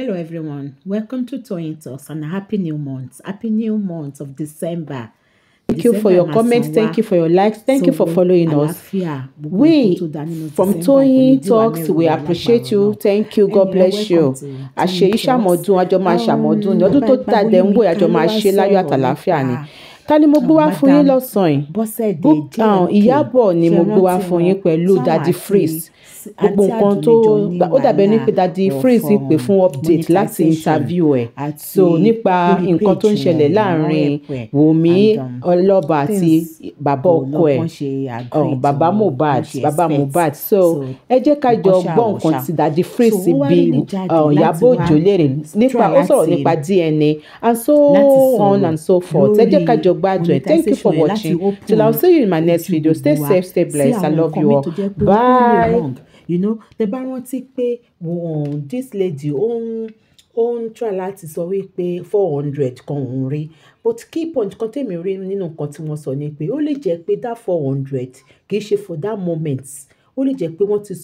Hello everyone, welcome to Toyeen Talks and a happy new month. Happy new month of December. Thank you for your comments, thank you for your likes, thank you for following us. We from Toyeen Talks, we appreciate you, thank you, God bless you. Àṣeyíṣàmọ̀dún, àjọ máa ṣàmọ̀dún ni ọdún tó tà lẹ́ ń wò àjọ ṣe láyọ̀ àtàlàáfíà ni ta ni mo gbé wá fún yín lọ́sàn-án yìí book ìyábọ̀ ni mo gbé wá fún yín pẹ̀lú dadi freeze gbogbo nǹkan tó ó dàbí ẹni pé dadi freeze pè fún update láti interview ẹ̀ so nípa nǹkan tó ń ṣẹlẹ̀ láàrin Wùmí um, Ọlọ́ba àti bàbá ọkọ ẹ̀ bàbá Mohbad bàbá Mohbad so ẹ jẹ́ ká jọ gbọ́ nǹkan tí dadi freeze bí uh, Ìyábọ̀ Òjó lérè nípa ó sọ̀rọ̀ nípa DNA and so on and so forth ẹ jẹ́ ká jọ gbádùn ẹ̀ thank you for watching till i will see you in my next video stay safe stay blessed i love you all bye. you know tẹ bá rántí pé this lady ó ń ó ń try láti sọ wípé four hundred kan òun rí but key point kan tèmi rí nínú nǹkan tí wọ́n sọ ni pé ó lè jẹ́ pé that four hundred kì í ṣe for that moment ó lè jẹ́ pé wọ́n ti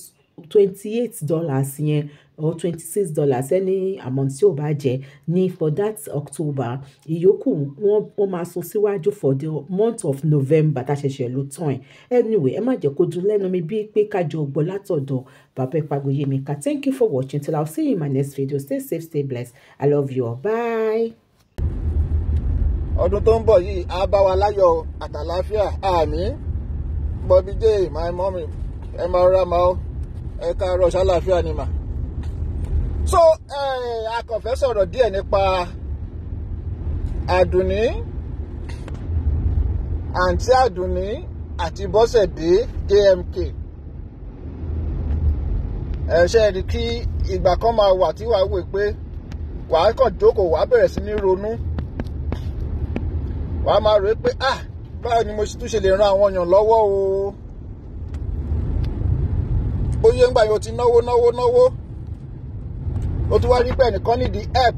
twenty eight dollars yẹn or twenty six dollars any amount tí ò bá jẹ́ ní for that October ìyókù wọ́n wọ́n máa sọ síwájú for the month of November tá a ṣẹ̀ṣẹ̀ ló tán ẹ̀ anyway ẹ má jẹ́ kó dùn lẹ́nu mi bíi pé kájọ gbọ́ látọ̀dọ̀ bàbá Ẹ̀pàgòyèmíkà thank you for watching till I'll see you in my next video stay safe stay blessed I love you all bye. ọdún tó ń bọ̀ yìí á bá wa láyọ̀ àtàláfíà àmín Bobby J my mommy ẹ máa ẹ káàárọ̀ ṣàlàáfíà ni mà so a kàn fẹ́ sọ̀rọ̀ díẹ̀ nípa àdùnní àǹtí àdùnní àti bọ́sẹ̀dé amk ẹ ṣe rí kí ìgbà kan máa wà tí wàá wò pé wàá kàn jókòó wàá bẹ̀rẹ̀ sí ní ronú wàá máa rò pé ah báwo ni mo tún ṣe lè ran àwọn èèyàn lọ́wọ́ o bóyá ńgbà yóò ti náwó náwó náwó ó tún wá rí pé ẹnìkan nídìí help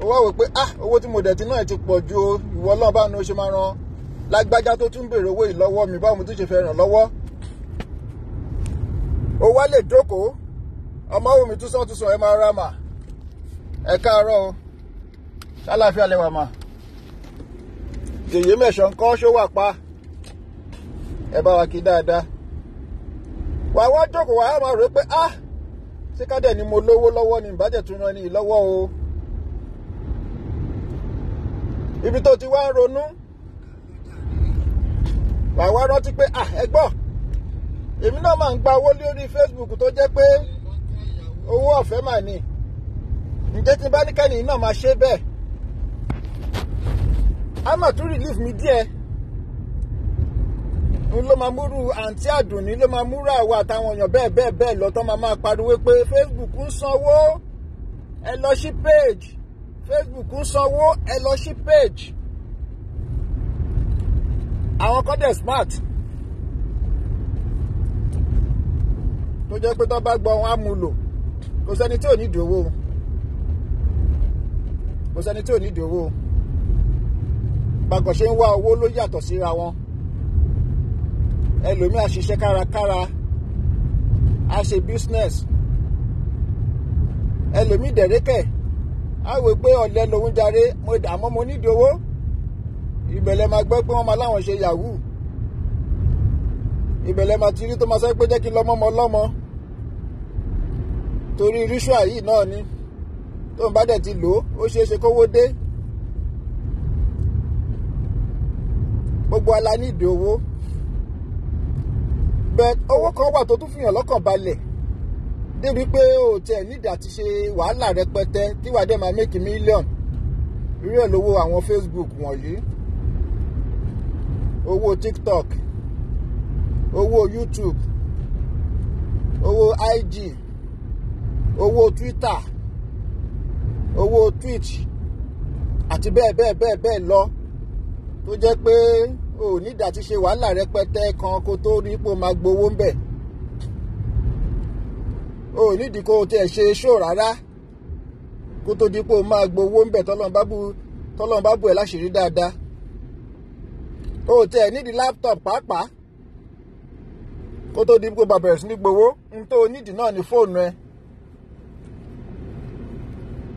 ó wá wò pé ah owó tí mo dẹ̀ ti náà ti pọ̀ ju ìwọ ọlọ́run báwo ni ó ṣe máa ran lágbájá tó tún béèrè owó ìlọ́wọ́ mi báwo mo tún ṣe fẹ́ ràn lọ́wọ́ ó wá lè dókòó ọmọ omi tún sàn tún sàn ẹ máa ra mà ẹ káàárọ̀ o ṣàlàáfíà lẹwà mà yèyé mẹsàn kọ ṣó wà pa ẹ bá wa kí dáadáa wàá wá jókòó wàá máa rò pé ah ṣé ká dẹ̀ ni mo lówó lọ́wọ́ ni ìbàjẹ́ tún ran ni lọ́wọ́ o ibi tó ti wá ń ronú wàá wá rántí pé ah ẹ gbọ́ èmi náà máa ń gba owó lórí Facebook tó jẹ́ pé owó ọ̀fẹ́ mà ní ǹjẹ́ tí bá ní kẹ́ni náà máa ṣe bẹ́ẹ̀ á mà tún relief mi díẹ̀ ló máa múrú àǹtí àdùnní ló máa múrú àwa àtàwọn èèyàn bẹ́ẹ̀ bẹ́ẹ̀ bẹ́ẹ̀ lọ tán máa máa pariwo pé Facebook ń sanwó ẹ lọ sí page Facebook ń sanwó ẹ lọ sí page àwọn kan dẹ̀ smart tó jẹ́ pé tó bá gbọ́ wọn á mú lò kò sẹ́ni tí ò ní ìdòwò kò sẹ́ni tí ò ní ìdòwò bàkànṣe ń wá owó ló yàtọ̀ síra wọn ẹlòmíì á ṣiṣẹ́ kárakára á ṣe business ẹlòmíì dẹ̀rẹ́kẹ̀ á wò pé ọ̀lẹ lòun jàre àmọ́ mo nídìí owó ìbẹ̀lẹ̀ máa gbọ́ pé wọ́n máa láwọn ṣe yahoo ìbẹ̀lẹ̀ máa ti rí tó máa sọ pé jẹ́ kí lọ́mọ́mọ́ lọ́mọ́ torí ritual yìí náà ni tó ń bá dẹ̀ ti lò ó ó ṣeé ṣe kówó dé gbogbo ala nídìí owó but owó kan wà tó tún fi hàn lọ́kàn balẹ̀ débi pé o tẹ̀ nídìí àti ṣe wàhálà rẹpẹtẹ tí wàá dẹ̀ máa make million rí ẹ̀ lówó àwọn Facebook wọ̀nyí owó TikTok owó YouTube owó IG owó Twitter owó Twitch àti bẹ́ẹ̀ bẹ́ẹ̀ bẹ́ẹ̀ bẹ́ẹ̀ lọ tó jẹ́ pé. Pe o ò nídàá ti ṣe wàhálà rẹpẹtẹ kan kó tó rí pò máa gbowó ń bẹ̀ o ò nídìí kó o tiẹ̀ ṣe ṣó rárá kó tó di pò máa gbowó ń bẹ̀ tọ́lọ́n bá bù ẹ̀ láṣìírí dáadáa o ò nídìí laptop pàápàá kó tó di pò bàbẹ̀rẹ̀ sí ní gbowó n tó o nídìí náà ní fóònù ẹ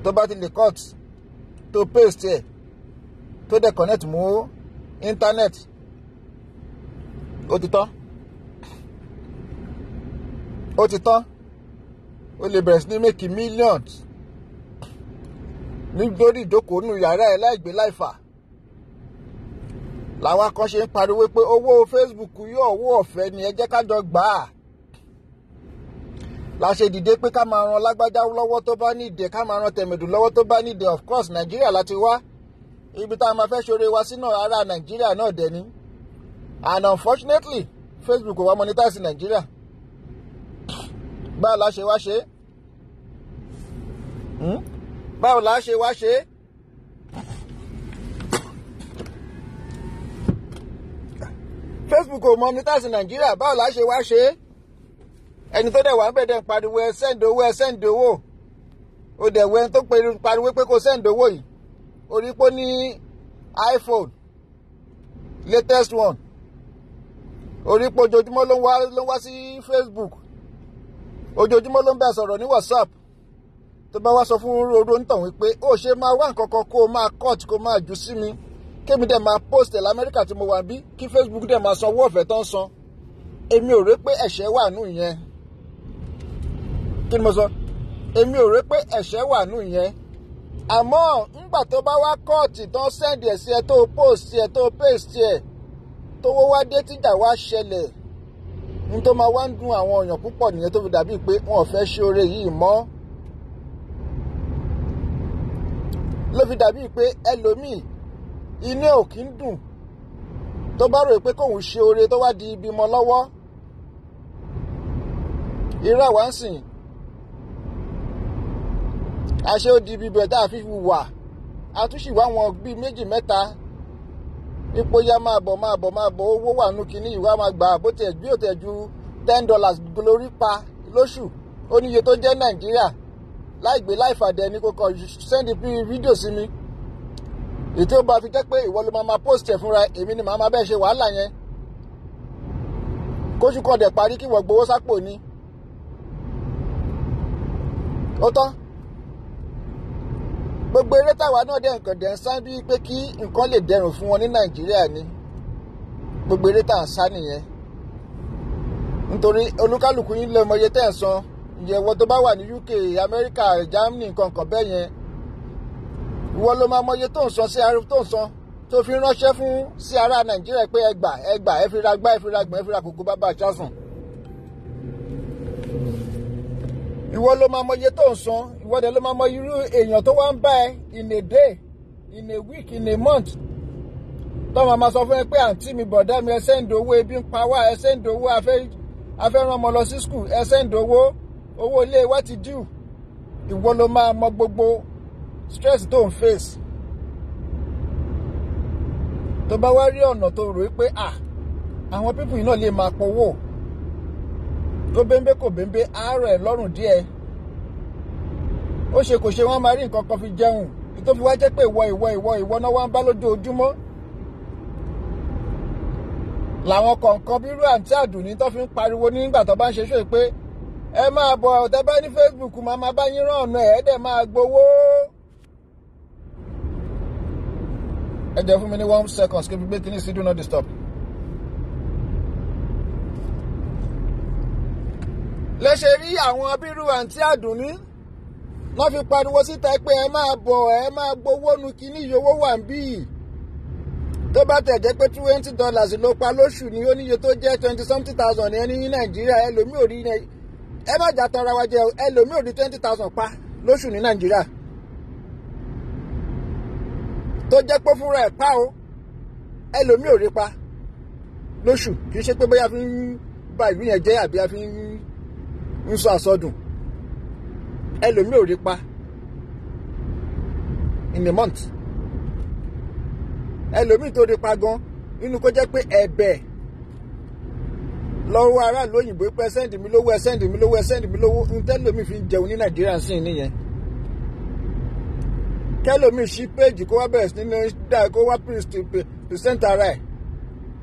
tó bá ti lè cut tó paste ẹ tó dẹ̀ connect mú Internet. ó ti tán ó ti tán ó lè bẹ̀rẹ̀ sí ní mẹ́kì millions nítorí ìjókòó nù yàrá ẹ̀ láì gbé láì fà làwọn kan ṣe ń pariwo pé owó Facebook yóò owó ọ̀fẹ́ ni ẹ jẹ́ ká jọ gbà á la ṣe dìde pé ká máa ran lágbájá lọ́wọ́ tó bá nídìí ká máa ran tẹ̀mẹ̀dù lọ́wọ́ tó bá nídìí of course Nàìjíríà láti wá ibi tá a máa fẹ́ ṣoore wa sínú ara nàìjíríà náà dẹ̀ ni and unfortunately facebook wa monetize nàìjíríà báwo la ṣe wá ṣe hmm? báwo la ṣe wá ṣe facebook ò monetize nàìjíríà báwo la ṣe wá ṣe ẹni tó dẹ̀ wá ń bẹ̀ dẹ̀ ń pariwo ẹ sẹ́ǹdì owó ẹ sẹ́ǹdì owó o dẹ̀ wẹ́n tó pariwo pé kò sẹ́ǹdì owó yìí orí ní iPhone latest one orí pé ojoojúmọ́ ló ń wá ló ń wá sí Facebook ojoojúmọ́ ló ń bẹ̀ sọ̀rọ̀ ní WhatsApp tó bá wá sọ fún oró nítàn wípé ó ṣe máa wá nǹkan kan kó o máa cut kó o máa jù sí mi kémi dẹ̀ máa post ẹ̀ lamẹ́ríkà tí mo wà bí kí Facebook dẹ̀ máa san owó ọ̀fẹ́ tó ń san èmi ò rí pé ẹ̀ṣẹ̀ wà nù yẹn kí ni mo sọ èmi ò rí pé ẹ̀ṣẹ̀ wà nù yẹn àmọ́ ńgbà tó bá wá kóòtù tán sẹ́ndì ẹ̀ sí ẹ tó post ẹ tó paste ẹ tówó wá dé tíjà wá ṣẹlẹ̀ n tó máa wá ń dun àwọn èèyàn púpọ̀ nìyẹn tó fi dàbí pé wọn ò fẹ́ ṣoore yìí mọ́ ló fi dàbí pé ẹlòmíì inú ò kí ń dùn tó bá rò pé kóun ṣe oore tó wá di ibi mọ́ lọ́wọ́ irú àwa ń sìn àṣé ó di bíbẹ̀ tá a fi wà a tún sì wá wọn bíi méjì mẹ́ta ipò ya máa bọ̀ máa bọ̀ máa bọ̀ owó wà nù kínní ìwà máa gbà bó tiẹ̀ bí ó tiẹ̀ ju ten dollars glory pa lóṣù ó níye tó jẹ́ nàìjíríà láì gbé láì fàdé ẹni kò kàn sẹ́ndì bí fídíò sí mi ètò ó bá fi jẹ́ pé ìwọ ló máa máa post ẹ̀ fúnra èmi ni màá máa bẹ́ẹ̀ ṣe wàhálà yẹn kóṣù kan dẹ̀ parí kí wọ́n gbowó sápò ni ó tán. gbogbo eré táwa náà dẹ̀ nǹkan dẹ̀ ń sá pé kí nǹkan lè dẹrùn fún wọn ní nàìjíríà ni gbogbo eré tá à ń sá nìyẹn mọye san ìyẹ̀wò tó bá wà ní UK Amẹ́ríkà Germany nǹkan kan bẹ́ẹ̀ yẹn ìwọ ló máa mọye tó ń san sí tó ń san tó fi ránṣẹ́ fún sí ara nàìjíríà pé ẹgbà ẹgbà ẹ fi ra gbá ẹ ìwọ ló máa mọye tó ń san ìwọ dẹ̀ ló máa mọ irú èèyàn tó wá ń bá ẹ in a day in a week in a month tọ́mọ máa sọ fún ẹ pé àǹtí mi bọ̀dá mi ẹ sẹ́ǹdì owó ebi ń pa wá ẹ sẹ́ǹdì owó afẹ́ràn ọmọ lọ sí skul ẹ sẹ́ǹdì owó owó ilé wa ti dùn ìwọ ló máa mọ gbogbo stress tó ń face tó bá wá rí ọ̀nà tó rò ó pé ah àwọn pípù yìí náà lè máa powó tó bẹ́ńbẹ́ kò bẹ́ńbẹ́ àárọ̀ ẹ̀ lọ́rùn díẹ̀ ó ṣe kò ṣe wọ́n máa rí nǹkan kan fi jẹun tó fi wá jẹ́ pé ìwọ ìwọ ìwọ ìwọ náà wá ń bá lójoojúmọ́ làwọn kọ̀ọ̀kan bírú àǹtí àdùnní tó fi ń pariwo nígbà tó bá ń ṣe ṣó pé ẹ máa bọ̀ ọ̀tẹ́ bá ní Facebook máa máa bá yín rán ọ̀nà ẹ̀ dẹ̀ máa gbowó. ẹ jẹ́ fún mi ní one second kí n fi gbé kínní sí do not disturb. lẹ́sẹ̀ rí àwọn abirú àǹtí àdùnní wọ́n fi pariwo síta pé ẹ máa bọ̀ ẹ máa gbowó nu kíní iye owó wà ń bí yìí tó bá tẹ̀ jẹ́ pé twenty dollars ló pa lóṣù ní oníye tó jẹ́ twenty something thousand ẹni ní nàìjíríà ẹlòmíì ò rí ẹ má jà tara wa jẹ ẹlòmíì ò rí twenty thousand pa lóṣù ní nàìjíríà tó jẹ́ pé fúnra ẹ̀ pa o ẹlòmíì ò rí pa lóṣù kì í ṣe pé bóyá fi ń ba ìlú yẹn jẹ́ àbí a fi ń ń sọ àsọdùn ẹlòmíì ò rí pa in a month ẹlòmíì tó rí pa gan inú kó jẹ́ pé ẹ̀bẹ̀ lọ́wọ́ aráàlú òyìnbó pé ẹ sẹ́ǹdì mi lówó ẹ sẹ́ǹdì mi lówó ẹ sẹ́ǹdì mi lówó ń tẹ́lòmíì fi ń jẹun ní nàìjíríà sí nìyẹn kẹlòmíì sí péjì kó wá bẹ̀rẹ̀ sí ní dá kó wá present ara ẹ̀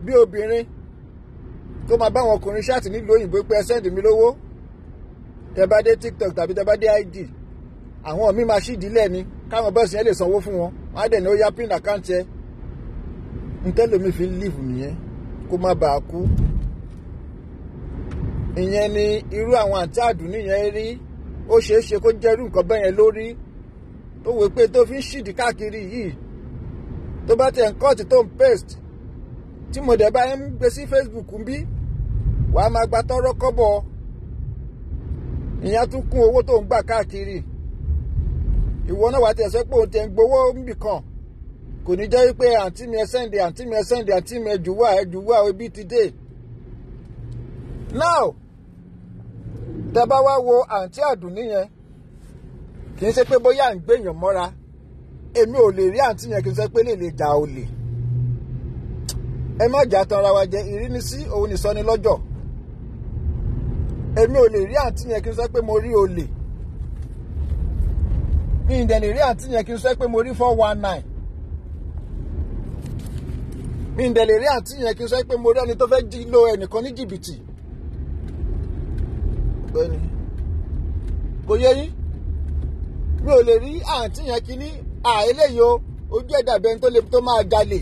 bí obìnrin kó máa bá àwọn ọkùnrin ṣáàtì nílùú òyìnbó pé ẹ sẹ́ǹdì mi lówó tẹ bá dé tiktok tàbí tẹ bá dé id àwọn míì máa ṣì dílẹ̀ ni káwọn bọ́ọ̀sì yẹn lè sanwó fún wọn wọn á dẹ̀ ní ó yá pin account yẹn ntẹ́lómi fi live nìyẹn kó má bàa kú ìyẹn ni irú àwọn àǹtí àdùnní yẹn rí ó ṣeé ṣe kó jẹ́rú nǹkan bẹ́ẹ̀ yẹn lórí tó wò pé tó fi ń ṣìdí káàkiri yìí tó bá tẹ̀ ń kọ́ọ̀tì tó ń paste tí mo dẹ̀ bá ń gbé sí Facebook ń bí wàá máa gba tọ́rọ́ kọ́bọ̀ ìyẹn tún kún owó tó ń gbà káàkiri ìwọ náà wà á ti ẹ̀sẹ̀ pé òun ti ń gbowó níbì kan kò ní jẹ́ wípé àǹtí mi ẹsẹ̀ǹdì àǹtí mi ẹsẹ̀ǹdì àǹtí mi ẹjùwà ẹjùwà ibi ti dé. now tẹ bá wá wo àǹtí àdùnní yẹn kì í ṣe pé bóyá à ń gbèyàn mọ́ra èmi ò lè rí àǹtí yẹn kì í ṣe pé lè lè jà olè ẹ má jà tanra wa jẹ ìrínisí òun nìsọnilọ́jọ́ èmi ò lè rí àǹtí yẹn kí n sọ pé mo rí olè mi ì dẹ̀ lè rí àǹtí yẹn kí n sọ pé mo rí four one nine mi ì dẹ̀ lè rí àǹtí yẹn kí n sọ pé mo rí ẹni tó fẹ́ jí lo ẹnìkan ní jìbìtì bẹ́ẹ̀ni kò yẹ yín mi ò lè rí àǹtí yẹn kí ní à eléyìí o ojú ẹ̀ dàbí tó lè tó máa jalè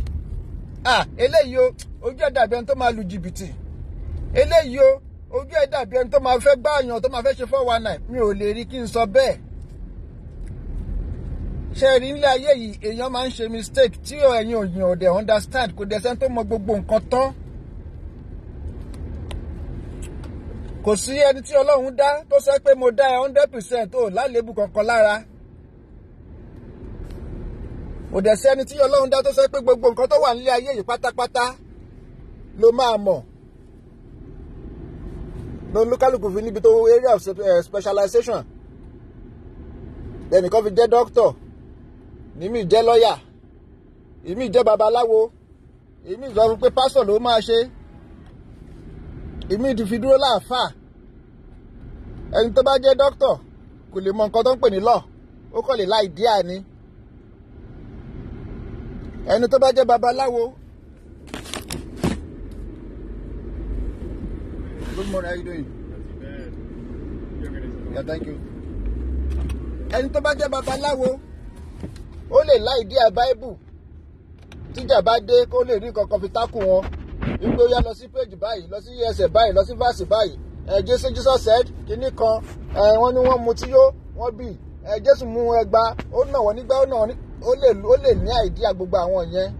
à eléyìí o ojú ẹ̀ dàbí tó máa lu jìbìtì eléyìí o ojú ẹ̀ dàbí ẹni tó máa fẹ́ gbààyàn tó máa fẹ́ ṣe four one nine mi ò lè rí kí n sọ bẹ́ẹ̀ ṣe rí nílé ayé yìí èèyàn máa ń ṣe mistake tí ẹ̀yin òyìn ò dẹ̀ understand kò dẹ̀ sẹ́ni tó mọ gbogbo nǹkan tán kò sí ẹni tí ọlọ́run dá tó sọ pé mo dá ẹ hundred percent ò lálébù kankan lára kò dẹ̀ sí ẹni tí ọlọ́run dá tó sọ pé gbogbo nǹkan tó wà nílé ayé yìí pátápátá ló máa mọ̀ ló lókàlùkù fi níbi tó area of eh, specialization ẹnìkan fi jẹ́ doctor ìmí jẹ́ lawyer. ìmí jẹ́ babaláwo ìmí sọ fún pé pásọ̀ ló máa ṣe ìmí ti fi dúró láàfáà ẹni tó bá jẹ́ dókítọ̀ kò lè mọ nǹkan tó ń pè ní lọ́ọ̀ ó kọ́ lè láì díà ni ẹni tó bá jẹ́ babaláwo Good morning, how you doing? good. Yeah, thank you. Ẹni tó bá jẹ́ babaláwo, ó lè láì díà Báíbù. Tíjà bá dé kó lè rí nǹkan kan fi tákù wọn. Igbó ya lọ sí péjì báyìí, lọ sí ẹsẹ̀ báyìí, lọ sí fásì báyìí. Ẹ Jésù Jésù said kínní kan, ẹ wọ́n ní wọ́n mu tí yó, wọ́n bì. Ẹ Jésù mú ẹgba, ó nà wọ́n nígbà, ó nà wọ́n ní, ó lè ní àìdíà gbogbo àwọn yẹn.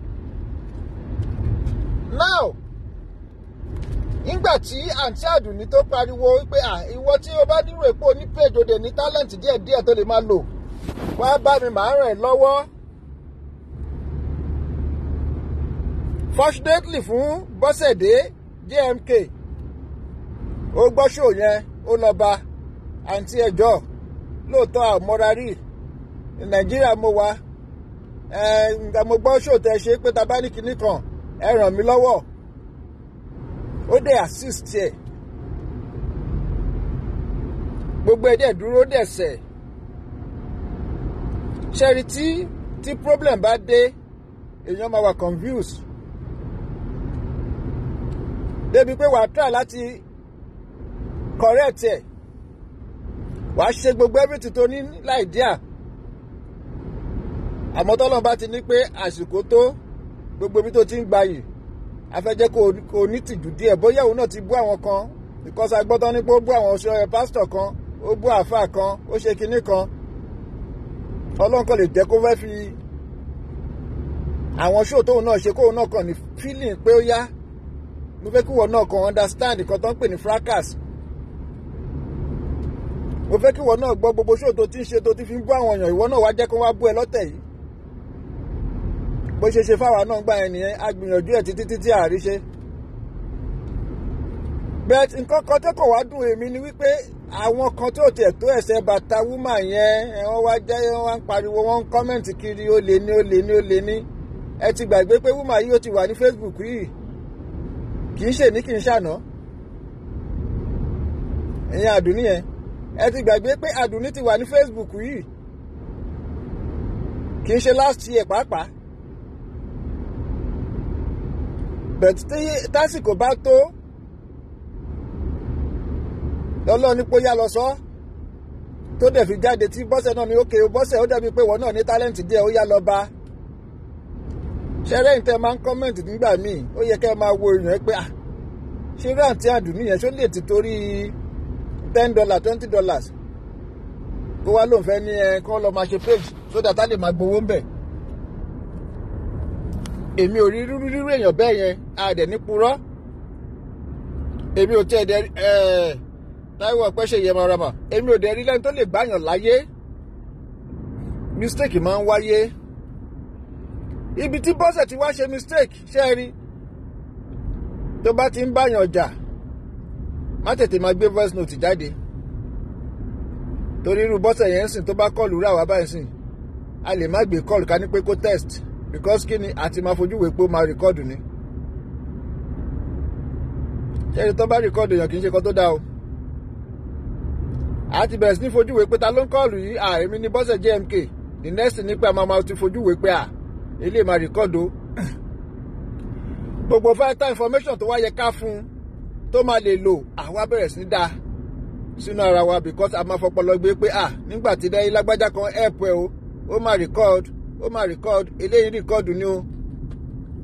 Now, nígbà tí àǹtí àdùnní tó pariwo wípé à ìwọ tí o bá nírò èpo ní page ní talent díẹ̀ díẹ̀ tó lè máa lò wá bá mi màá ràn ẹ́ lọ́wọ́. fortunately fún bọ́sẹ̀dé jmk ó gbọ́ ṣò yẹn ó lọ bá àǹtí ẹjọ́ lóòótọ́ àmọ́ra rí nàìjíríà mo wá ẹ̀ ǹgbà mo gbọ́ ṣò tẹ̀ ṣe pé ta bá ní kinní kan ẹ ràn mí lọ́wọ́ ó dẹ̀ assist ẹ̀ gbogbo ẹ̀ dẹ̀ dúró dẹ̀ sẹ̀ ṣẹ́ri tí tí problem bá dé èèyàn máa wà confused débi pé wàá try láti correct ẹ̀ wàá ṣe gbogbo everything tó ní láì díà àmọ́ tọ́lọ́n bá ti ní pé àsìkò tó gbogbo ibi tó ti ń gbayì afẹ́jẹ́ kó o ní tìjú díẹ̀ bóyá òun náà ti bú àwọn kan because agbọ́tọ́ ní pé ó bú àwọn ọ̀ṣọ́ pásítọ̀ kan ó bú àáfàá kan ó ṣe kinní kan ọlọ́run kan lè jẹ́ kó fẹ́ fi àwọn ṣó tóun náà ṣe kóun náà kàn ní feeling pé ó yá mo fẹ́ kí wọ́n náà kàn understand nǹkan tó ń pè ní fracas mo fẹ́ kí wọ́n náà gbọ́ gbogbo ṣó tó ti ń ṣe tó ti fi ń bú àwọn èèyàn ìwọ náà wá jẹ́ kó wá bú ẹ lọ́tẹ̀ yìí bó ṣe ṣe fáwa náà gbà yẹn nìyẹn a gbìyànjú ẹ̀ títí títí àárí ṣe. bẹ́ẹ̀ nǹkan kan tó kọ̀ wá dùn èmi ni wípé àwọn kan tó tiẹ̀ tó ẹ̀sẹ̀ bàtà wúmà yẹn wọ́n wá jẹ́ wọ́n wá ń pariwo wọ́n ń kọ́mẹ̀ntì kiri ó lè ní ó lè ní ó lè ní ẹ ti gbàgbé pé wúmà yìí ó ti wà ní Facebook yìí kì í ṣe ní kì í ṣàná ìyẹn àdùnní yẹn ẹ ti gbàgbé pé àdùnní ti wà ní Facebook yìí kì í ṣe last year pàápàá but tí tásìkò bá tó lọ́lọ́ ní pé ó yá lọ sọ tó dẹ̀ fi jáde tí bọ́sẹ̀ náà ní ókè o bọ́sẹ̀ ó dẹ̀bi pé ìwọ náà ní tálẹ́ǹtì díẹ̀ ó yá lọ bá ṣẹ́rẹ́ ìtẹ́ máa ń kọ́mẹ̀ntì nígbà míì ó yẹ kẹ́ ẹ máa wo èèyàn pé à ah, ṣé rántí àdùnní yẹn ṣó lè ti torí ten dollars twenty dollars kó wá lóun fẹ́ ní ẹ kó lọ́ọ́ máa ṣe page sódà tá lè máa gbowó ń bẹ̀ èmi ò rí rírú rírú èèyàn bẹ́ẹ̀ yẹn a dẹ̀ ní purọ́ èmi ò tiẹ̀ dẹ̀ ẹ̀ táwọn ọ̀pẹ́ ṣe yẹ mọ̀rọ̀mọ̀ èmi ò dẹ̀ rí lẹ́ni tó lè gbàyàn láyé mistake máa ń wáyé ibi tí bọ́sẹ̀ ti wá ṣe mistake ṣe rí tó bá ti ń báyàn jà má tètè máa gbé voice note jáde torí irú bọ́sẹ̀ yẹn ń sìn tó bá kọ́ọ̀lù rà wá báyìí sìn a lè má gbé kọ́ọ̀lù ká ní pé kó test because kini ni àti máa fojú wèé pé ó máa rìkọ́ọ̀dù ni ṣẹ́ni tó bá rìkọ́ọ̀dù èèyàn kì í ṣe kan tó dáa o a ti bẹ̀rẹ̀ sí ní fojú wèé pé ta ló ń kọ́ọ̀lù yìí à èmi ni bọ́sẹ̀ JMK the next ni pé a máa ti fojú wèé pé à ilé máa rìkọ́ọ̀dù gbogbo vital information tó wá yẹ ká fún un tó máa lè lò àwa bẹ̀rẹ̀ sí ní sínú ara wa because a máa fọpọlọ gbé pé à nígbà tí dẹ́yìn lágbájá kan help o ó máa record ó máa record eléyìí record ni o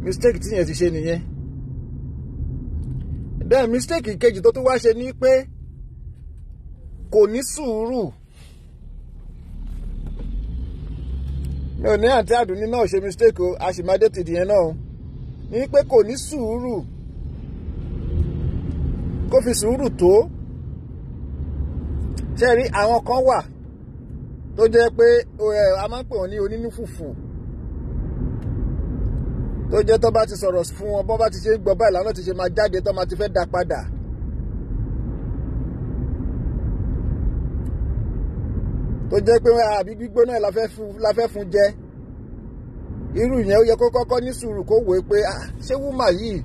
mistake tí yẹn ti ṣe nìyẹn then mistake kejì tó tún wá ṣe ni pé kò ní sùúrù mi ò ní àǹtí àdùnní náà ṣe mistake o a sì máa dé tìdí yẹn náà o pé kò ní sùúrù kó fi sùúrù tó ṣe rí àwọn kan wà tó jẹ́ pé a máa ń pè wọ́n ní onínú fùfù tó jẹ́ tó bá ti sọ̀rọ̀ fún wọn bó bá ti ṣe ń gbọ́ báyìí làwọn ti ṣe máa jáde tó máa ti fẹ́ dá padà. tó jẹ́ pé àbí gbígbóná ẹ̀ la fẹ́ fún jẹ irú yẹn ó yẹ kó kọ́kọ́ ní sùúrù kó wòó pé ah, ṣé wúmà yìí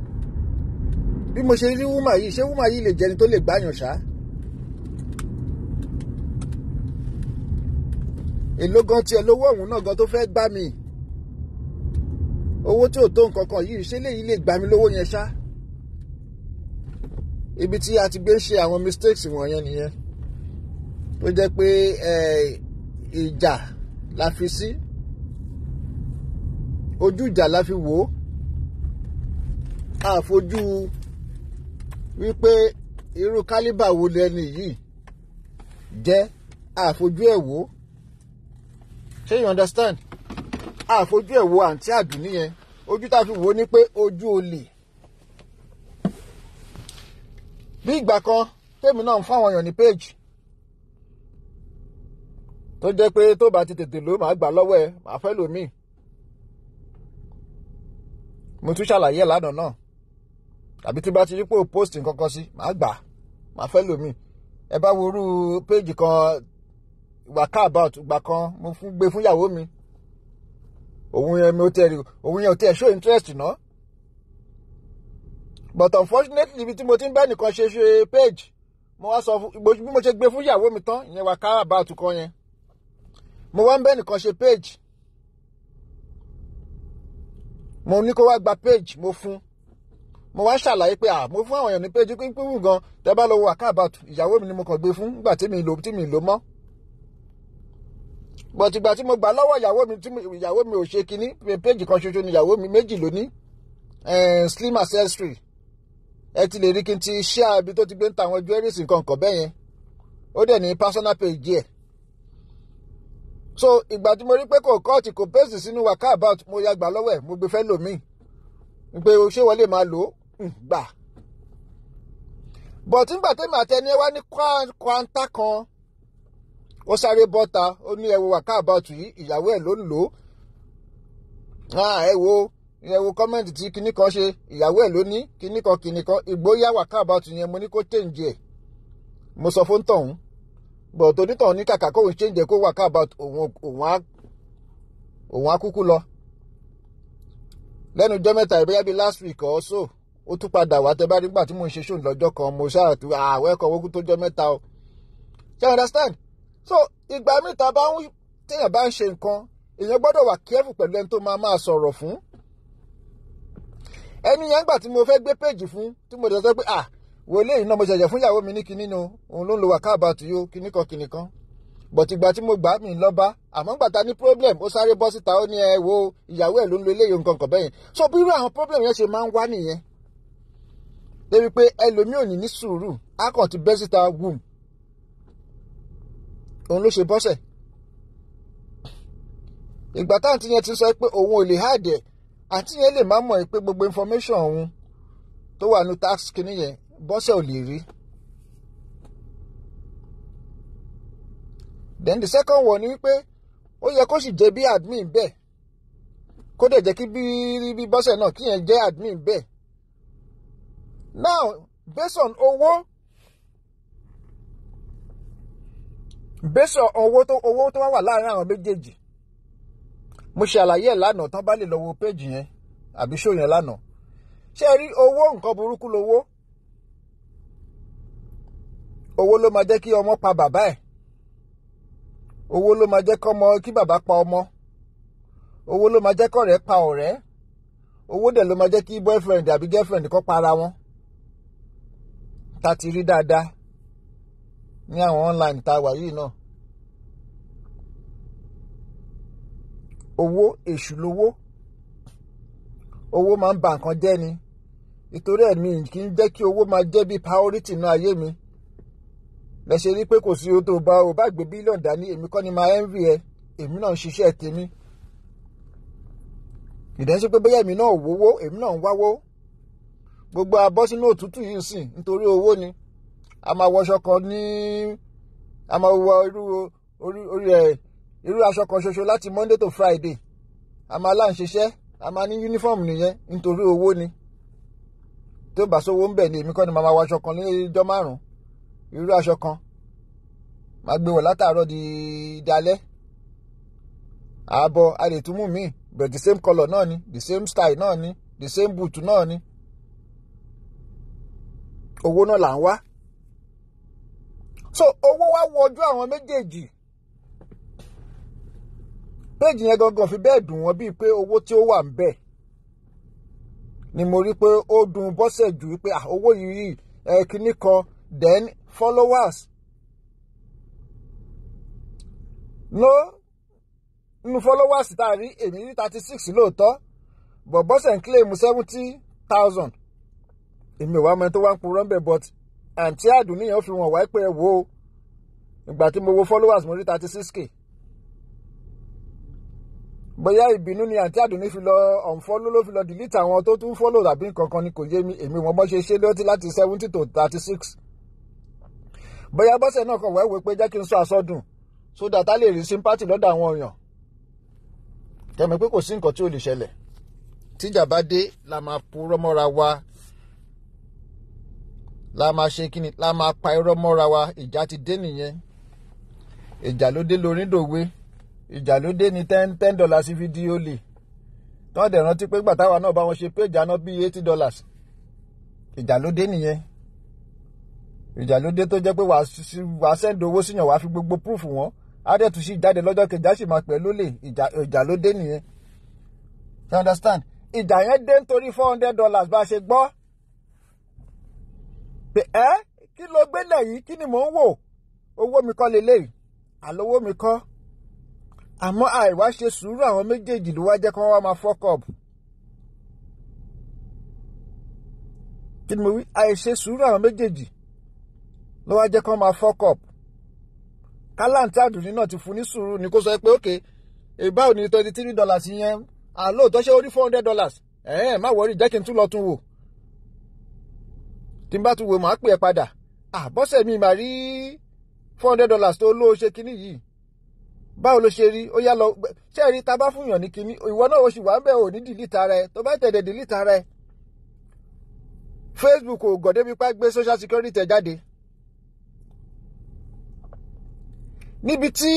bí mo ṣe rí wúmà yìí ṣé wúmà yìí lè jẹni tó lè gbáyàn ṣáá. èló gan tiẹ̀ lówó ọ̀hún náà gan tó fẹ́ gbá mi owó tí ò tó nǹkan kan yìí ṣé léyìí lè gbà mí lówó yẹn ṣá ibi tí a ti gbé ṣe àwọn mistakes wọ̀nyẹn nìyẹn tó jẹ́ pé ìjà la fi sí ojú ìjà la fi wò ó àfojú wípé irú kálíbà wo lẹni yìí jẹ́ àfojú ẹ̀ wò ó ṣé you understand àfojú ẹ̀ wo àǹtí àdùnní yẹn ojú tá a fi wò ó ní pé ojú olè bí ìgbà kan tèmi náà ń fún àwọn èèyàn ní péjì tó jẹ́ pé tó bá ti tètè lò máa gbà lọ́wọ́ ẹ máa fẹ́ lòmíì mo tún ṣàlàyé ẹ̀ lánàá náà tàbí tí bá ti rí pé o post nǹkan kan sí máa gbà máa fẹ́ lòmíì ẹ bá worú péjì kan ìgbà káàbàtù ìgbà kan mo gbé fún ìyàwó mi òun yẹn mi ò tẹ̀ òun yẹn ò tẹ̀ show interest ná. No? but unfortunately ibi tí mo ti ń bẹ́ nìkan ṣe ṣe page mo wá sọ bí mo ṣe gbé fún ìyàwó mi tán ìyẹn wà káàbàtù kan yẹn mo wá ń bẹ́ nìkan ṣe page mo ní kó wá gba page mo fún mo wá ṣàlàyé pé ah mo fún àwọn èèyàn ní page pínpín wù gan tẹ bá lọ wo àkáàbàtù ìyàwó mi ni mo kàn gbé fún nígbà tí mi lò mọ́ but ìgbà tí mo gbà lọ́wọ́ ìyàwó mi tí ìyàwó mi ò ṣe kínní péjì kan ṣoṣo ni ìyàwó mi méjì lóní eh, slim accessory ẹ ti lè rí kí n ti ṣe àbí tó ti gbé ń ta àwọn jewelries nǹkan kan bẹ́ẹ̀ yẹn ó dẹ̀ ní personal page ẹ̀ so ìgbà tí mo rí pé kò kọ́ọ̀tì kò pèsè sínú waka about mo ya gbà lọ́wọ́ ẹ̀ mo gbé fẹ́ lò mí pé o ṣé wọlé máa lò ó gbà but nígbà tẹ́mi àtẹni ẹ wá ní kwanta kan ó sáré bọ́ta ó ní ẹwo wàkáàbàtù yìí ìyàwó ẹ̀ ló ń lò ó ẹ wo ẹ wo kọ́mẹ́ǹtì tí kinní kan ṣe ìyàwó ẹ̀ ló ní kinní kan kinní kan ìgbóyà wàkáàbàtù yẹn mo ní kó tẹ̀ǹjì ẹ̀ mo sọ fún tọ̀hún bọ̀t onítọ̀hún ní kàkà kóun ṣe ń jẹ́ kó wàkáàbàtù òun á kúkú lọ lẹ́nu ọjọ́ mẹ́ta ìbẹ́yà bíi last week or so ó tún padà wá tẹ bá rí gbà tí mo ń ṣe ṣòun lọ́jọ́ kan mo ṣáà tún àwẹ́ kan owó tó jọ mẹ́ta o ṣé understand so ìgbà míì tá a bá ń téèyàn bá ń ṣe nǹkan èèyàn gbọ́dọ̀ wà kẹ́fù pẹ̀lú ẹni tó máa máa sọ̀rọ̀ fún ẹni yẹn gbà tí mo fẹ́ gbé péjì fún tí mo dẹ̀ sọ pé ah wo eléyìí náà mo ṣẹ̀ṣẹ̀ fún ìyàwó mi ní kinní ni òun ló ń lo wàkàbà tìyó kinní kan kinní kan bọ̀tí ìgbà tí mo gbà mí lọ́ba àmọ́ gbàtà ní problem ó sáré bọ́ síta ó ní ẹ wo ìyàwó ẹ̀ ló ń lo eléyìí nǹkan kan bẹ́yẹn so bí irú àwọn problem yẹn ṣe máa ń wá nìyẹn débi pé ẹlòmíì ò ní ní sùúrù á ti bẹ́ síta wùm òun ló ṣe bọ́sẹ̀ ìgbà táǹtí yẹn ti sọ pé òun ò lè háàdì ẹ̀ àǹtí yẹn lè má mọ̀ pé gbogbo information òun tó wà ní tax kìíní yẹn bọ́sẹ̀ ò lè rí. then the second one ni wípé ó yẹ kó sì jẹ́ bí admin bẹ́ẹ̀ kó dẹ̀ jẹ́ kí bí bọ́sẹ̀ náà kí yẹn jẹ́ admin bẹ́ẹ̀ now based on owó bẹ́sọ̀ owó tó owó tó wà láàrin àwọn méjèèjì mo ṣe àlàyé ẹ̀ lánàá tán bá lè lọ wo péjì yẹn àbí ṣó yẹn lánàá ṣé ẹ rí owó nǹkan burúkú lowó owó ló máa jẹ́ kí ọmọ pa bàbá ẹ̀ owó ló máa jẹ́ kọ́mọ kí bàbá pa ọmọ owó ló máa jẹ́ kọ́rẹ́ pa ọ̀rẹ́ owó dẹ̀ ló máa jẹ́ kí boyfriend àbí girlfriend kọ́ para wọn ta ti rí dáadáa ní àwọn online tá a wà yìí náà owó èṣù lówó owó máa ń ba nǹkan jẹ́ ni ìtorí ẹ̀mí kì í jẹ́ kí owó máa jẹ́ bí priority náà ayé mi lẹ́sẹ̀ rí pé kò sí ohun tó bá o bá gbé bílíọ̀nù dání èmi kọ́ ni máa envy ẹ èmi náà ń ṣiṣẹ́ tèmi ìdẹ́sí pé bóyá èmi náà wówó èmi náà ń wáwó gbogbo abọ́ sínú òtútù yìí sìn nítorí owó ni a máa wọ aṣọ kan ní a máa wọ irú orí ẹ irú aṣọ kan ṣoṣo láti Monday to Friday a máa láǹṣiṣẹ́ a máa ní yúnífọ́ọ̀mù nìyẹn nítorí owó ni tó bá sówó ń bẹ̀ ni èmi kọ́ ni màá máa wọ aṣọ kan ní ọjọ́ márùn-ún irú aṣọ kan màá gbé wọ̀ látàárọ̀ di dalẹ́ ààbọ̀ a lè tún mú mi but the same colour náà ni the same style náà ni the same boot náà ni owó náà là ń wá so owó wá wọ ojú àwọn méjèèjì péjì yẹn gangan fi bẹ́ẹ̀ dùn wọ́n bíi pé owó tí ó wà ń bẹ̀ ni mo rí pé ó dùn bọ́sẹ̀ jù pé owó yìí ẹ kíní kan then followers No, nínú followers tá a rí èmi rí thirty six lóòótọ́ but bọ́sẹ̀ ń claim seventy thousand èmi ò wá mọ ẹni tó wá ń purọ́ ń bẹ̀ but àǹtí àdùnní yẹn fi wọ́n wá pé ẹ wo ìgbà tí mo wo followers mo rí thirty six k bóyá ìbínú ni àǹtí àdùnní fi lọ ọ̀nfọ́lú ló fi lọ delete àwọn tó tún follow tàbí kankan ni kò yé mi èmi wọn bọ́ ṣe ṣe lọ́tí láti seventy to thirty six bóyá bọ́sẹ̀ náà kàn wẹ́wẹ́ pé jẹ́ kí n sọ àsọdùn so that a lè rí sympathy lọ́dọ̀ àwọn èèyàn tẹ̀mí pé kò sí nǹkan tí ò lè ṣẹlẹ̀ tíjà bá dé la máa purọ́ mọ́ra wa la máa ṣe kí ni la máa pa irọ́ mọ́ra wa ìjà ti dé nìyẹn ìjà ló dé lórí dòwe ìjà ló dé ní ten ten dollars fi di olè tọ́ dẹ̀ rántí pé gbà táwa náà bá wọn ṣe pé ìjà náà bíi eighty dollars ìjà ló dé nìyẹn ìjà ló dé tó jẹ́ pé wàá sẹ́ńdì owó síyàn wàá fi gbogbo proof wọn á dẹ̀ tún sí jáde lọ́jọ́ kejì á sì máa pẹ̀ lólè ìjà ló dé nìyẹn you understand ìjà yẹn dé nítorí four hundred dollars bá a ṣe gbọ́ pé ẹ kí ló gbélẹ̀ yìí kí ni mò ń wò owó mi kọ́ leléyìí àlówó mi kọ́ àmọ́ àìwá ṣe sùúrù àwọn méjèèjì ló wá jẹ́ kí wọ́n wá máa fọ́kọ̀bù. kí ni mo wí àìṣe sùúrù àwọn méjèèjì ló wá jẹ́ kí wọ́n máa fọ́kọ̀bù. kálàntì àdùnní náà ti fún ní sùúrù ni kó sọ pé ókè ìbáwò ní twenty three dollars yẹn àlóòótọ́ ṣé ó rí four hundred dollars ẹ̀ẹ́n má wọrí jẹ́ kí n tún lọ tún wò tí n bá tún wo màá pè ẹ́ padà àbọ̀sẹ̀ mi màá rí four hundred dollars tó lóo ṣe kinní yìí báwo ló ṣe rí ó yá lọ ṣé rí ta bá fún yàn ní kinní ìwọ náà oṣù wà ń bẹ̀ ò dìlítà ara tó bá tẹ̀lé dìlítà ara Facebook ò gọ̀dé pípa gbé social security tẹ̀ jáde níbi tí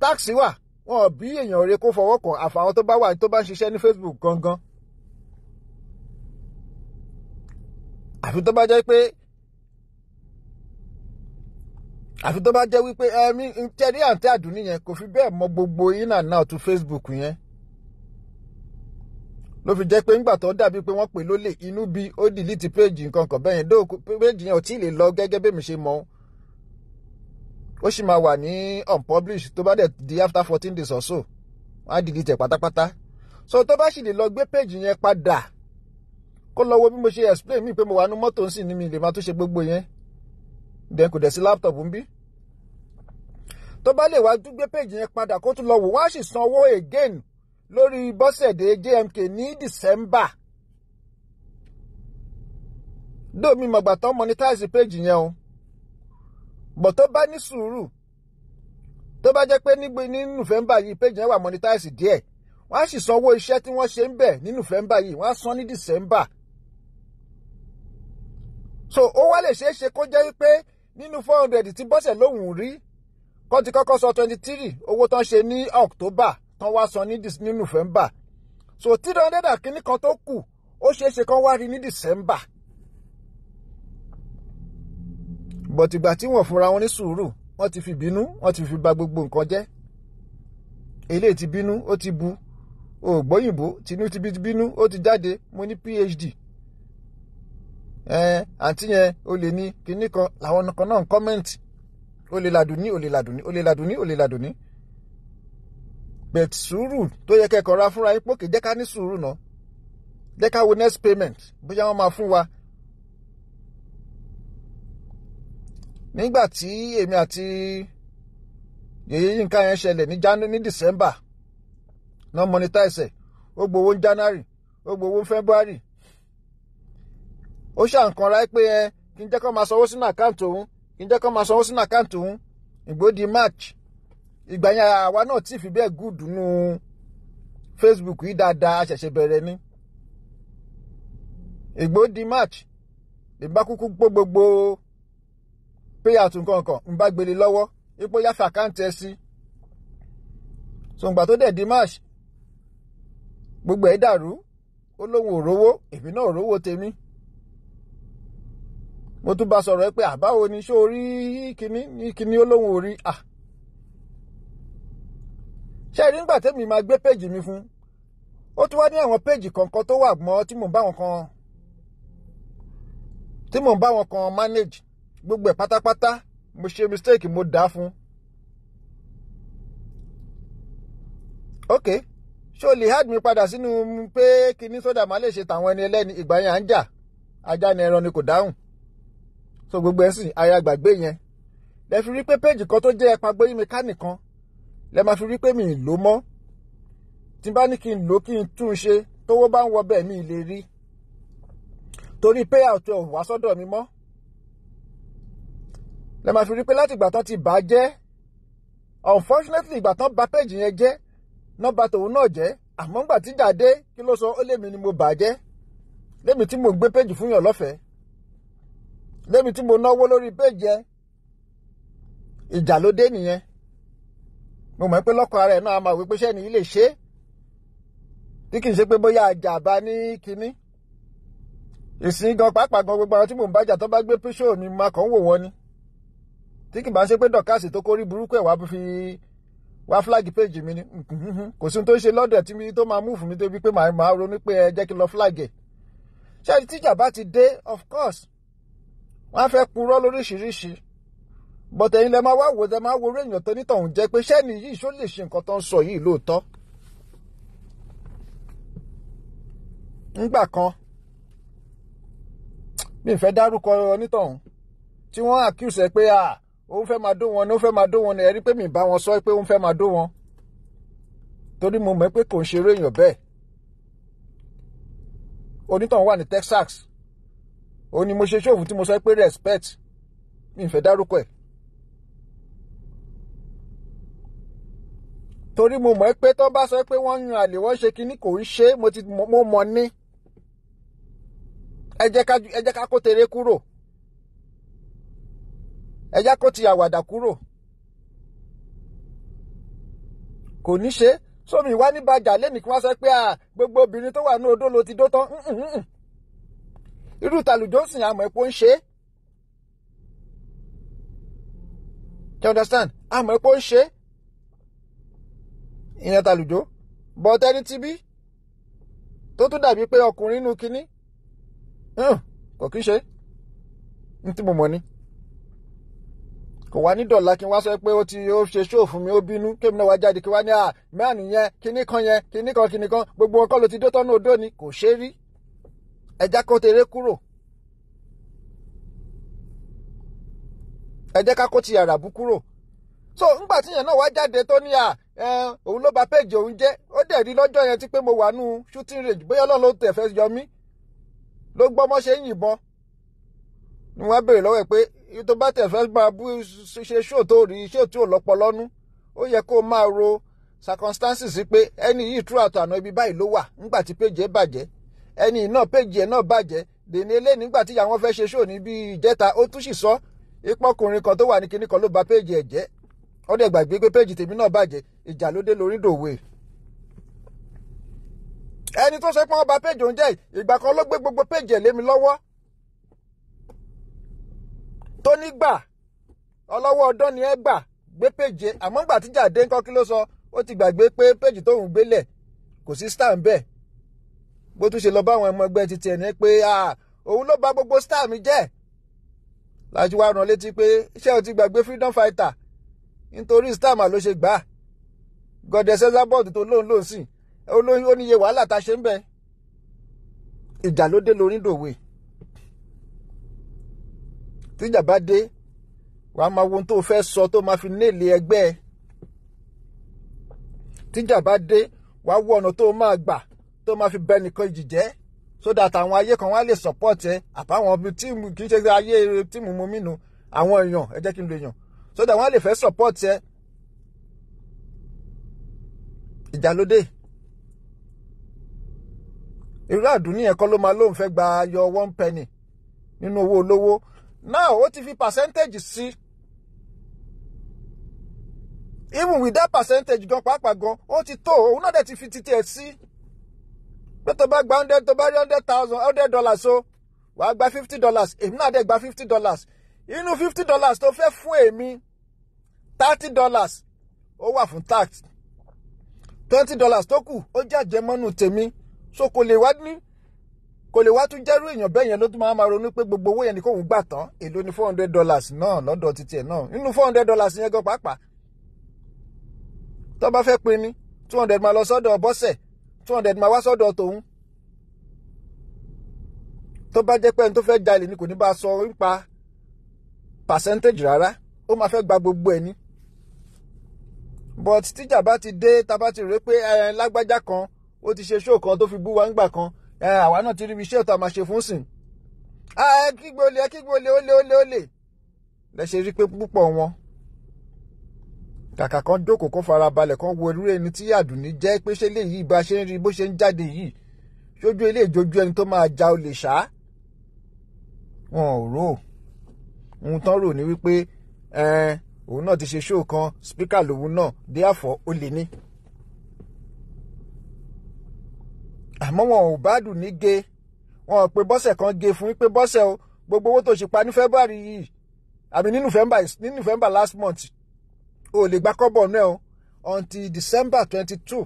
táàkì wà wọn ò bí èèyàn rẹ kó fọwọ́ kàn àfàwọn tó bá wà tó bá ń ṣiṣẹ́ ní Facebook gangan. àfi tó bá jẹ́ pé àfi tó bá jẹ́ wípé ẹ̀mí eh, ntẹ́rí àǹtí àdúní yẹn kò fi bẹ́ẹ̀ mọ gbogbo in and out Facebook yẹn ló fi jẹ́ pé ńgbà tó dàbí pé wọ́n pè lólè inú bí ó dìlítì péèjì nǹkan kan bẹ́yẹn dó péèjì yẹn ò tí ì lè lọ gẹ́gẹ́ bẹ́ẹ̀ mi ṣe mọ́ ó sì máa wà ní unpublished tó bá dẹ̀ di after fourteen days or so wọ́n á dìlítì ẹ̀ pátápátá so tó bá sì lè lọ gbé péèjì yẹn padà kó lọ wo bí mo ṣe explain mi pé mo wà nú mọ́tò ń sìn ní mi lè máa tún ṣe gbogbo yẹn then kò dẹ̀ sí laptop ń bí tó bá lè wá gbé péjì yẹn padà kó tún lọ wò wá sì sanwó again lórí bọ́sẹ̀dé JMK ní December dómi mọ̀gbà tán monetize péjì yẹn o bọ̀ tó bá ní sùúrù tó bá jẹ́ pé ní November yìí péjì yẹn wà monetize díẹ̀ wọ́n á sì sanwó iṣẹ́ tí wọ́n ṣe ń bẹ̀ ní November yìí wọ́n á san ní December so ó wá lè ṣeé ṣe kó jẹ́ wípé nínú four hundred tí bọ́sẹ̀ lòun rí kó ti kọ́kọ́ sọ twenty three owó tán ṣe ní october tán wá san ní november so three hundred àkíní kan tó kù ó ṣeé ṣe kán wá rí ní december but ìgbà tí wọ́n fúnra wọn ní sùúrù wọ́n ti fi bínú wọ́n ti fi ba gbogbo nǹkan jẹ́ eléyìí ti bínú ó ti bu ògbóyìnbó tinú ti bínú ó ti jáde mo ní phd àǹtí yẹn olè ní kinní kan làwọn kan náà ń kọ́mẹ́ǹtì olè làdùnní olè làdùnní olè làdùnní olè làdùnní bẹ̀t sùúrù tó yẹ kẹ́kọ̀ọ́ ra fúnra yín pókè jẹ́ ká ní sùúrù náà jẹ́ ká wo next payment bóyá wọ́n máa fún wa. nígbà tí èmi àti yèyé yínká yẹn ṣẹlẹ̀ ní janu ní December náà monetize ẹ̀ ó gbowó ní January ó gbowó February ó ṣàǹkanra pé ẹ kí n jẹ́ kó máa sanwó sínú àkáǹtì òun kí n jẹ́ kó máa sanwó sínú àkáǹtì òun ìgbòdì march ìgbà yẹn àwa náà ti fi bẹ́ẹ̀ gùdù nù facebook yìí dáadáa a ṣẹ̀ṣẹ̀ bẹ̀rẹ̀ ni ìgbòdì march ìbá kúkú gbó gbogbo péyà tún kankan ń bá gbélé lọ́wọ́ ipò yáfẹ́ àkáǹtì ẹ sí sọ̀ǹgbà tó dẹ̀ di march gbogbo ẹ̀ dàrú ó lóun ò rówó èmi náà ò rówó tèmi. mo tún bá sọ̀rọ̀ ẹ pé àbáwo ni ṣó orí kíní kíní olóhùn orí à ṣe rí nígbà tẹ́mi máa gbé péjì mi fún ó tún wá ní àwọn péjì kọ̀ọ̀kan tó wà mọ́ tí mò ń bá wọn kan tí mò ń bá wọn kan manage gbogbo ẹ̀ pátápátá mo ṣe mistake mo dá fún ok ṣé lè hard mi padà sínú pé kíní sódà máa lè ṣe tàwọn ẹni ẹlẹ́ni ìgbà yẹn à ń jà ajá ni ẹran ni kò dáhùn so gbogbo ẹ̀ sìn aya gbàgbé yẹn lẹ fi rí pé péjì kan tó jẹ́ ẹ̀pà gbóyún mi ká nìkan lẹ máa fi rí pé mi ì lò mọ́ tí bá ní kí n lò kí n tún ṣe tówó bá ń wọ bẹ́ẹ̀ mi ì lè rí torí payout ẹ̀ ò wá sọ́dọ̀ mi mọ́ lẹ máa fi rí pé láti ìgbà tán ti bà á jẹ́ unfortunately ìgbà tán bà péjì yẹn jẹ́ nọ́ba tòun náà jẹ́ àmọ́ ńgbà tí dàdé kí ló sọ ó lèmi ni mo bà á jẹ́ lèmi tí mo gbé péjì fún yàn lọ́fẹ̀ẹ́ débi tí mo náwó lórí péjì ẹ ìjà ló dé nìyẹn mo mọ̀ pé lọ́kọ̀ ara ẹ̀ náà a máa wí pé sẹ́ni yìí lè ṣe é tí kì í ṣe pé bóyá àjà bá ní kinní ìsìn gan pàápàá gan gbogbo àwọn tí mò ń bájà tó bá gbé píṣọ mi máa kàn ń wò wọ́n ni tí kì bá ń ṣe pé dọ̀kásì tó kórí burúkú ẹ̀ wá fi wá fúláàgì péjì mi ni kò sí ohun tó ń ṣe lọ́dọ̀ tí mi tó máa mú fún mi débi pé màá ronú pé ẹ jẹ́ kí n lọ fúláàgì ẹ̀ ṣáà tíjà bá ti dé of course wọ́n á fẹ́ purọ́ lóríṣiríṣi bọ́tẹ̀ yín lẹ máa wá wò lẹ máa wo orí èèyàn tó nítọ̀hún jẹ́ pé sẹ́ni yìí ṣó lè ṣe nǹkan tó ń sọ yìí lóòótọ́. ńgbà kan mi fẹ́ dárúkọ onítọ̀hún tí wọ́n accuse ẹ pé à òun fẹ́ máa dó wọn ni òun fẹ́ máa dó wọn ni ẹ rí pé mi bá wọn sọ pé òun fẹ́ máa dó wọn torí mo mọ̀ pé kò ń ṣeré èèyàn bẹ́ẹ̀ onítọ̀hún wà ní Texas ó ní mo ṣe ṣòfò tí mo sọ pé respect mi fẹ́ dárúkọ ẹ̀. torí mo mọ̀ pé tó bá sọ pé wọ́n yan àlè wọ́n ṣe kinní kò ń ṣe mo mọ̀ ní. ẹ jẹ́ ká kó tere kúrò ẹ jẹ́ kó ti àwàdà kúrò kò ní ṣe sómi ìwá ní bàjá lẹ́nìí kí wọ́n sọ pé gbogbo obìnrin tó wà ní odó ló ti dó tán irú tàlùjọ ń sìn àmọ́ epo ń ṣe é you understand àmọ́ epo ń ṣe é ìyẹn tàlùjọ bọ́tẹ́ni ti bí tó tún dàbí pé ọkùnrin inú kínní hmm, kò kí ṣe ní tí mo mọ̀ ni kò wá ní dọ̀la kí n wá sọ pé ó ti ó ṣe ṣó fún mi ó bínú kémi náà wá jáde kí wá ní à ah, mẹ́rin yẹn kíní kan yẹn kíní kan kíní kan gbogbo ọkọ ló ti dé tọ́nú odó ni kò ṣe é rí ẹja kó tèrè kúrò ẹjẹ ká kó ti àràbù kúrò so ńgbà tíyẹn náà wá jáde tó ní à òun ló ba péjì òun jẹ́ ó dẹ̀ rí lọ́jọ́ yẹn tí mo wà nù shooting range bóyá ọlọ́run ló tẹ̀ yomi yọ mí ló gbọ́ mọ́ ṣe ń yìnbọn ni wọ́n á lọ́wọ́ ẹ̀ pé tó bá tẹ̀ máa bú ṣe ṣóò tó rí tí ò lọ́pọ̀ lọ́nú ó yẹ kó máa ro circumstances pé ẹni yìí àtọ̀ àná ibi báyìí ló wà ńgbà tí péjì ẹ ẹni náà péjì ẹ̀ náà bàjẹ́ dèní ilé nígbà tí àwọn fẹ́ ṣe ṣó ní bíi ìjẹta ó tún sì sọ ìpọkùnrin kan tó wà ní kinní kan ló ba péjì ẹ̀ jẹ́ ó dẹ̀ gbàgbé pé péjì tèmi náà bàjẹ́ ìjà ló dé lórí dòwe. ẹni tó sọ pé wọ́n ba péjì òun jẹ́ ìgbà kan ló gbé gbogbo péjì ẹ̀ lé mi lọ́wọ́ tó nígbà ọlọ́wọ́ ọdún ni ẹ gbà gbé péjì àmọ́ gbà tíjà dé ńkọ́ kí ló sọ ó ti gbàgbé pé péjì tóun gbélẹ̀ kò sí star bẹ́ẹ̀ bó tún ṣe lọ bá àwọn ọmọ ẹgbẹ́ títí ẹni pé òun ló bà gbogbo star mi jẹ́ láti wá rán létí pé ṣé o ti gbàgbé freedom fighter nítorí star mà ló ṣe gbà á gọdẹsẹ zabọọd tó lóun lóun sìn olóyún ó níye wàhálà tá a ṣe ń bẹ ìjà ló dé lórí dòwe tíjà bá dé wàá máa wo ohun tó fẹ́ sọ tó máa fi nílé ẹgbẹ́ tíjà bá dé wàá wo ọ̀nà tó máa gbà tó máa fi bẹ́ẹ̀ nìkan ìjì jẹ́ so that àwọn ayé kan wá lè support ẹ àbáwọn tíìmù kì í ṣe ayé tíìmù mu mínu àwọn èèyàn ẹ jẹ́ kí n lo èèyàn so that wọ́n lè fẹ́ support ẹ ìjàlódé irú àdúní yẹn ló máa lóun fẹ́ gba yọ one penny nínú owó olówó now ó ti fi percentage sí even with that percentage gan pàápàá gan ó ti tó òun náà dẹ̀ ti fi títí ẹ̀ sí pé tó bá gba hundred tó bá rí hundred thousand hundred dollars So, wà á gba fifty dollars èmi náà dẹ̀ gba fifty dollars inú fifty dollars tó fẹ́ fún èmi thirty dollars ó wà fún tax twenty dollars tó kù ó jàjẹ́ mọ́nú tèmi so kò lè wá ní kò lè wá tún jẹ́rú èèyàn bẹ́ẹ̀ yẹn ló tún máa ma ronú pé gbogbo owó yẹn ni kóun gbà tán èló ni four hundred dollars náà lọ́dọ̀ títí ẹ̀ náà nínú four hundred dollars yẹn gan pàápàá tó bá fẹ́ pin two hundred máa lọ sọ́dọ̀ bọ́sẹ̀ two hundred máa wá sọ́dọ̀ tòun tó bá jẹ́ pé ẹni tó fẹ́ jalè ni kò ní bá a sọ nípa percentage rárá ó máa fẹ́ gba gbogbo ẹ̀ ni but tíjà bá ti dé ta bá ti rè pé lágbájá kan ó ti ṣe ṣó kan tó fi bú wa ńgbà kan àwa náà ti rí ibi iṣẹ́ ọ̀tá máa ṣe fún sìn kígbe olè kígbe olè olè olè olè lẹ ṣe rí pé púpọ̀ wọn kàkà kan jókòó fara farabalẹ̀ kan wo irú ẹni tí àdùnní jẹ́ pé ṣé lè yí ibà ṣe ń rí bó ṣe ń jáde yìí ṣojú ilé ìjojú ẹni tó máa ja olè ṣá wọn ò rò ohun tán rò ní wípé òun náà ti ṣe ṣóò kan spíkà lòun náà díàfọ́ ó lè ní. àmọ́ wọn ò bá dùn ní ge wọn ò pe bọ́sẹ̀ kan ge fún pé bọ́sẹ̀ o gbogbo owó tó ṣe pa ní february yìí àbí ní november ní november last month o lè gba kọ́bọ̀ náà o until december twenty two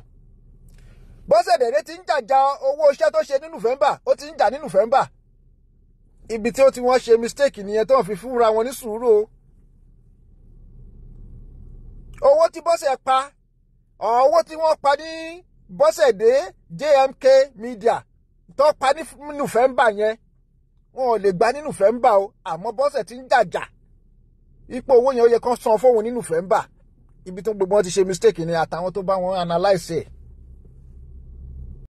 bọ́sẹ̀dẹ̀dẹ̀ ti ń jàjà owó iṣẹ́ tó ṣe ní november ó ti ń jà ní november ibi tí ó ti wọ́n ṣe mistake nìyẹn tó ń fi fúnra wọn ní sùúrù o owó tí bọ́sẹ̀ pa owó tí wọ́n pa ní bọ́sẹ̀dé jmk media tó pa ní november yẹn wọn ò lè gbà ní november o àmọ́ bọ́sẹ̀ ti ń jàjà ipò owó yẹn ó yẹ kán san fóun ní november ibi tó gbogbo wọn ti ṣe mistake ni àtàwọn tó bá wọn analyse ẹ̀